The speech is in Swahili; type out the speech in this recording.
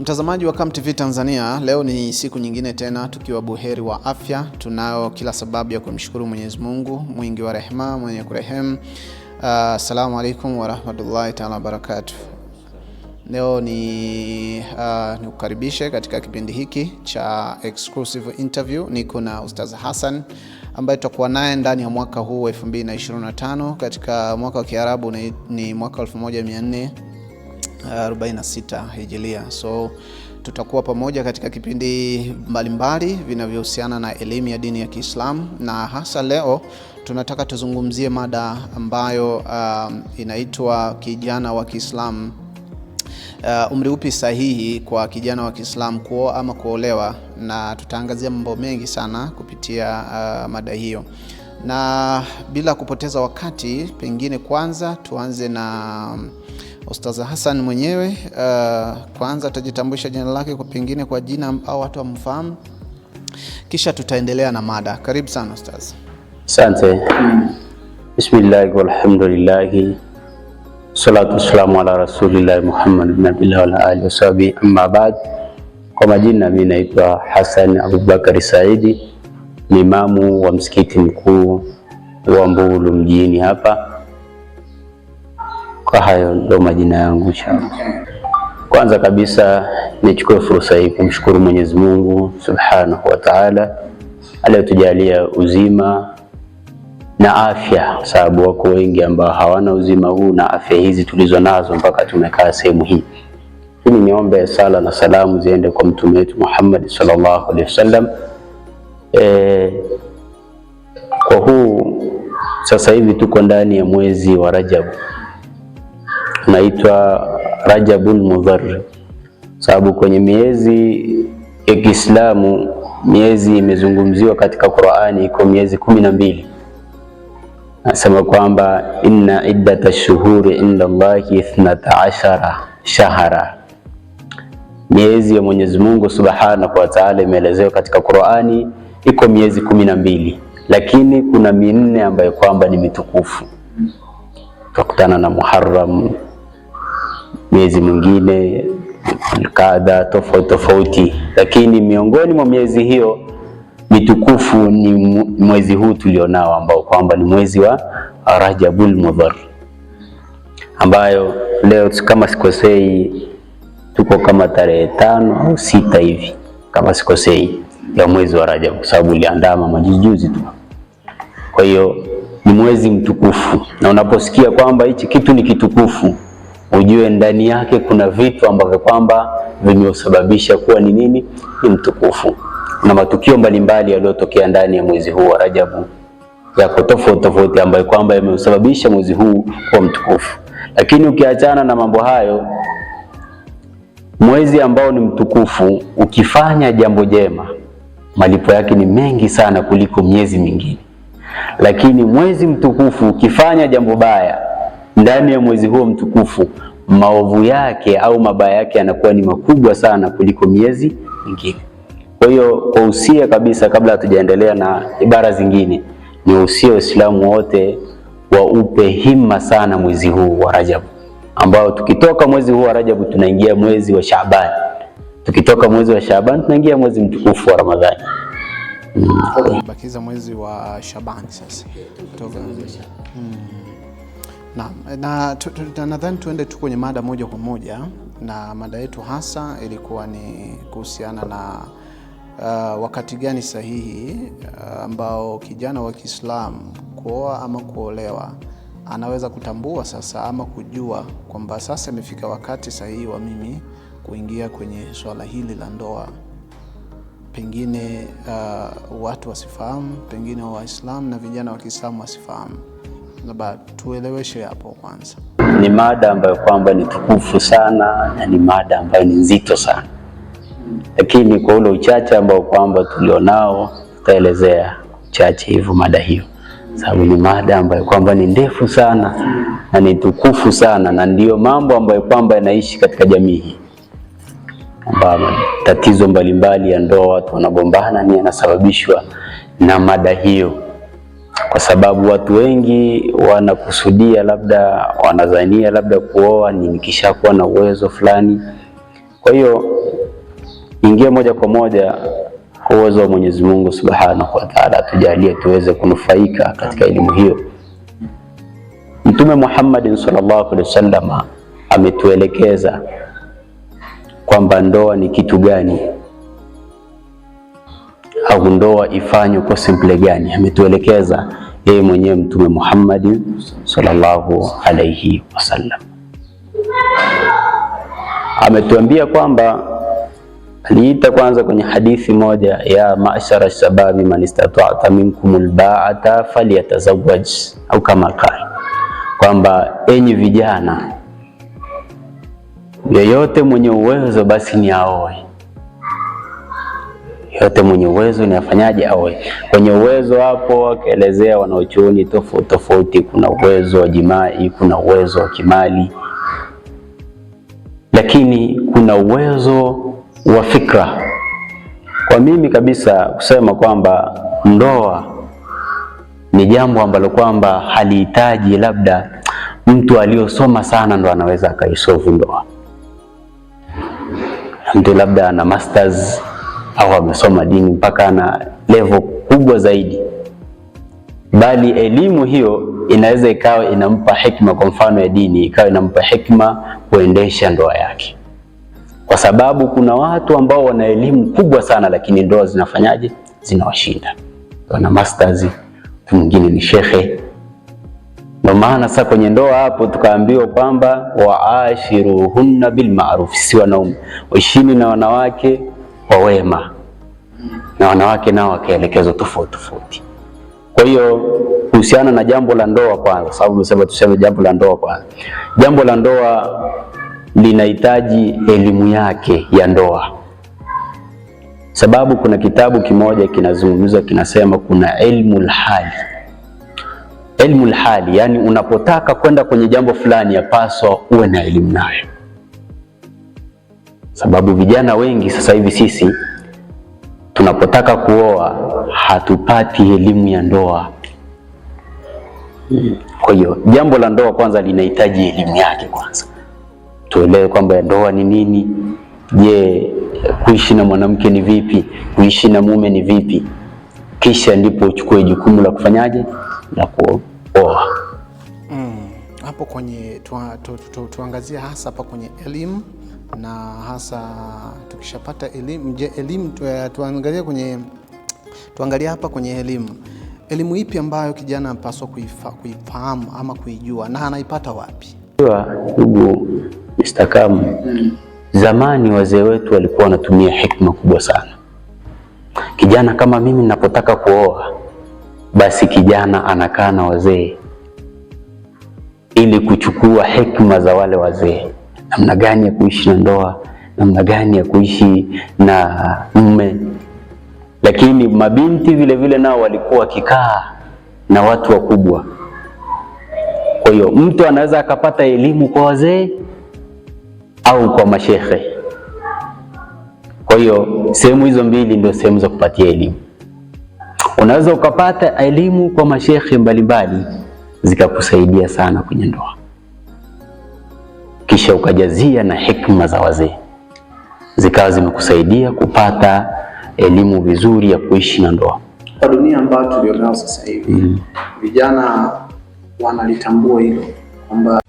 Mtazamaji wa Come TV Tanzania, leo ni siku nyingine tena tukiwa buheri wa afya. Tunayo kila sababu ya kumshukuru Mwenyezi Mungu mwingi wa rehema, mwenye kurehemu. Assalamu ah, uh, alaikum warahmatullahi taala wabarakatuh. Leo ni uh, nikukaribishe katika kipindi hiki cha exclusive interview. Niko na Ustaz Hassan ambaye tutakuwa naye ndani ya mwaka huu 2025 katika mwaka wa Kiarabu ni mwaka 1400 46 hijilia. So tutakuwa pamoja katika kipindi mbalimbali vinavyohusiana na elimu ya dini ya Kiislamu na hasa leo tunataka tuzungumzie mada ambayo um, inaitwa kijana wa Kiislamu. Uh, umri upi sahihi kwa kijana wa Kiislamu kuoa ama kuolewa, na tutaangazia mambo mengi sana kupitia uh, mada hiyo, na bila kupoteza wakati, pengine kwanza tuanze na um, Ustaza Hassan mwenyewe uh, kwanza atajitambulisha jina lake kwa pengine kwa jina ambao watu wamfahamu, kisha tutaendelea na mada. Karibu sana ustaz Asante. Bismillahi walhamdulillahi salatu wassalamu ala rasulillahi Muhammad ibn Abdullah wa alihi wasahbihi, amma baad. Kwa majina mimi naitwa Hassan Abubakari Saidi, ni imamu wa msikiti mkuu wa Mbulu mjini hapa kwa hayo ndo majina yangu inshallah. Kwanza kabisa nichukue fursa hii kumshukuru Mwenyezi Mungu Subhanahu wa Ta'ala aliyotujalia uzima na afya, kwa sababu wako wengi ambao hawana uzima huu na afya hizi tulizo nazo mpaka tumekaa sehemu hii. Hili niombe sala na salamu ziende kwa mtume wetu Muhammad sallallahu alaihi wasallam. E, kwa huu sasa hivi tuko ndani ya mwezi wa Rajabu naitwa Rajabul Mudhar, sababu kwenye miezi ya Kiislamu miezi imezungumziwa katika Qur'ani iko miezi kumi na mbili. Nasema kwamba inna ash shuhuri inda Allahi 12 shahra shahara, miezi ya Mwenyezi Mungu Subhanahu wa Ta'ala imeelezewa katika Qur'ani iko miezi kumi na mbili, lakini kuna minne ambayo kwamba ni mitukufu. Tukutana na Muharram miezi mwingine kadha tofauti tofauti, lakini miongoni mwa miezi hiyo mitukufu ni mwezi huu tulionao ambao kwamba ni mwezi wa Rajabul Mudhar, ambayo leo kama sikosei tuko kama tarehe tano au sita hivi kama sikosei ya mwezi wa Rajab, kwa sababu uliandama majuzijuzi tu. Kwa hiyo ni mwezi mtukufu, na unaposikia kwamba hichi kitu ni kitukufu ujue ndani yake kuna vitu ambavyo kwamba vimeusababisha kuwa ni nini, ni mtukufu. Kuna matukio mbalimbali yaliyotokea ndani ya mwezi huu wa Rajabu, yako tofauti tofauti, ambayo kwamba yameusababisha mwezi huu kuwa mtukufu. Lakini ukiachana na mambo hayo, mwezi ambao ni mtukufu, ukifanya jambo jema, malipo yake ni mengi sana kuliko miezi mingine. Lakini mwezi mtukufu, ukifanya jambo baya ndani ya mwezi huo mtukufu, maovu yake au mabaya yake yanakuwa ni makubwa sana kuliko miezi mingine. Kwa hiyo kwa usia kabisa, kabla hatujaendelea na ibara zingine, ni usia Waislamu wote waupe himma sana mwezi huu wa Rajabu, ambao tukitoka mwezi huu wa Rajabu tunaingia mwezi wa Shaaban, tukitoka mwezi wa Shaaban tunaingia mwezi mtukufu wa Ramadhani. Mm. Bakiza mwezi wa Shaaban sasa. Naam, na nadhani tuende tu kwenye mada moja kwa moja, na mada yetu hasa ilikuwa ni kuhusiana na uh, wakati gani sahihi uh, ambao uh, kijana wa Kiislamu kuoa ama kuolewa anaweza kutambua sasa ama kujua kwamba sasa imefika wakati sahihi wa mimi kuingia kwenye swala hili la ndoa. Pengine uh, watu wasifahamu, pengine Waislamu na vijana wa Kiislamu wasifahamu labda tueleweshe hapo kwanza. Ni mada ambayo kwamba ni tukufu sana na ni mada ambayo ni nzito sana, lakini kwa ule uchache ambao kwamba tulionao tutaelezea uchache hivyo mada hiyo, sababu ni mada ambayo kwamba ni ndefu sana na ni tukufu sana, na ndiyo mambo ambayo kwamba yanaishi katika jamii hii ambayo tatizo mbalimbali ya ndoa, watu wanagombana, ni yanasababishwa na mada hiyo kwa sababu watu wengi wanakusudia, labda wanazania labda kuoa ni nikishakuwa na uwezo fulani. Kwa hiyo ingie moja kwa moja kwa uwezo wa Mwenyezi Mungu Subhanahu wa Ta'ala, atujalie tuweze kunufaika katika elimu hiyo. Mtume Muhammad sallallahu alaihi wasallam ametuelekeza kwamba ndoa ni kitu gani au ndoa ifanywe kwa simple gani, ametuelekeza yeye mwenyewe Mtume Muhammad sallallahu alayhi wasallam. Ametuambia kwamba aliita kwanza kwenye hadithi moja ya ma'shara shababi man istata'ta minkum alba'ata falyatazawwaj, au kama kai kwamba enyi vijana, yeyote mwenye uwezo basi ni aoe yote mwenye uwezo ni afanyaje awe kwenye uwezo. Hapo wakaelezea wanaochuoni tofauti tofauti, kuna uwezo wa jimai, kuna uwezo wa kimali, lakini kuna uwezo wa fikra. Kwa mimi kabisa kusema kwamba ndoa ni jambo ambalo kwamba halihitaji labda mtu aliyosoma sana ndo anaweza akaisolve ndoa. Mtu labda ana masters au amesoma dini mpaka ana level kubwa zaidi, bali elimu hiyo inaweza ikawa inampa hekima, kwa mfano ya dini ikawa inampa hekima kuendesha ndoa yake, kwa sababu kuna watu ambao wana elimu kubwa sana, lakini ndoa zinafanyaje? Zinawashinda. Wana masters, mtu mwingine ni shekhe. Ndio maana sasa kwenye ndoa hapo tukaambiwa kwamba waashiruhunna bilmaruf, si wanaume, waishini na wanawake kwa wema na wanawake nao wakaelekezwa tofauti tofauti. Kwa hiyo kuhusiana na jambo la ndoa kwanza, sababu umesema tuseme jambo la ndoa kwanza. Jambo la ndoa linahitaji elimu yake ya ndoa, sababu kuna kitabu kimoja kinazungumza kinasema kuna ilmu lhali, ilmu lhali, yani unapotaka kwenda kwenye jambo fulani yapaswa uwe na elimu nayo sababu vijana wengi sasa hivi sisi tunapotaka kuoa hatupati elimu ya ndoa. Kwa hiyo jambo la ndoa kwanza linahitaji elimu yake kwanza, tuelewe kwamba ndoa ni nini. Je, kuishi na mwanamke ni vipi? Kuishi na mume ni vipi? Kisha ndipo uchukue jukumu la kufanyaje, la kuoa. Mm, hapo kwenye tuangazie tu, tu, tu, hasa hapa kwenye elimu na hasa tukishapata elimu. Je, elimu eh, tuangalie kwenye tuangalie hapa kwenye elimu, elimu ipi ambayo kijana anapaswa kuifahamu ama kuijua na anaipata wapi? Ndugu mstakamu, zamani wazee wetu walikuwa wanatumia hikma kubwa sana. Kijana kama mimi ninapotaka kuoa, basi kijana anakaa na wazee ili kuchukua hikma za wale wazee namna gani ya kuishi na ndoa, namna gani ya kuishi na mume. Lakini mabinti vile vile nao walikuwa wakikaa na watu wakubwa. Kwa hiyo mtu anaweza akapata elimu kwa wazee au kwa mashehe. Kwa hiyo sehemu hizo mbili ndio sehemu za kupatia elimu. Unaweza ukapata elimu kwa mashehe mbalimbali zikakusaidia sana kwenye ndoa kisha ukajazia na hikma za wazee, zikawa zimekusaidia kupata elimu vizuri ya kuishi na ndoa. Kwa dunia ambayo tulionayo sasa hivi, mm. vijana wanalitambua hilo kwamba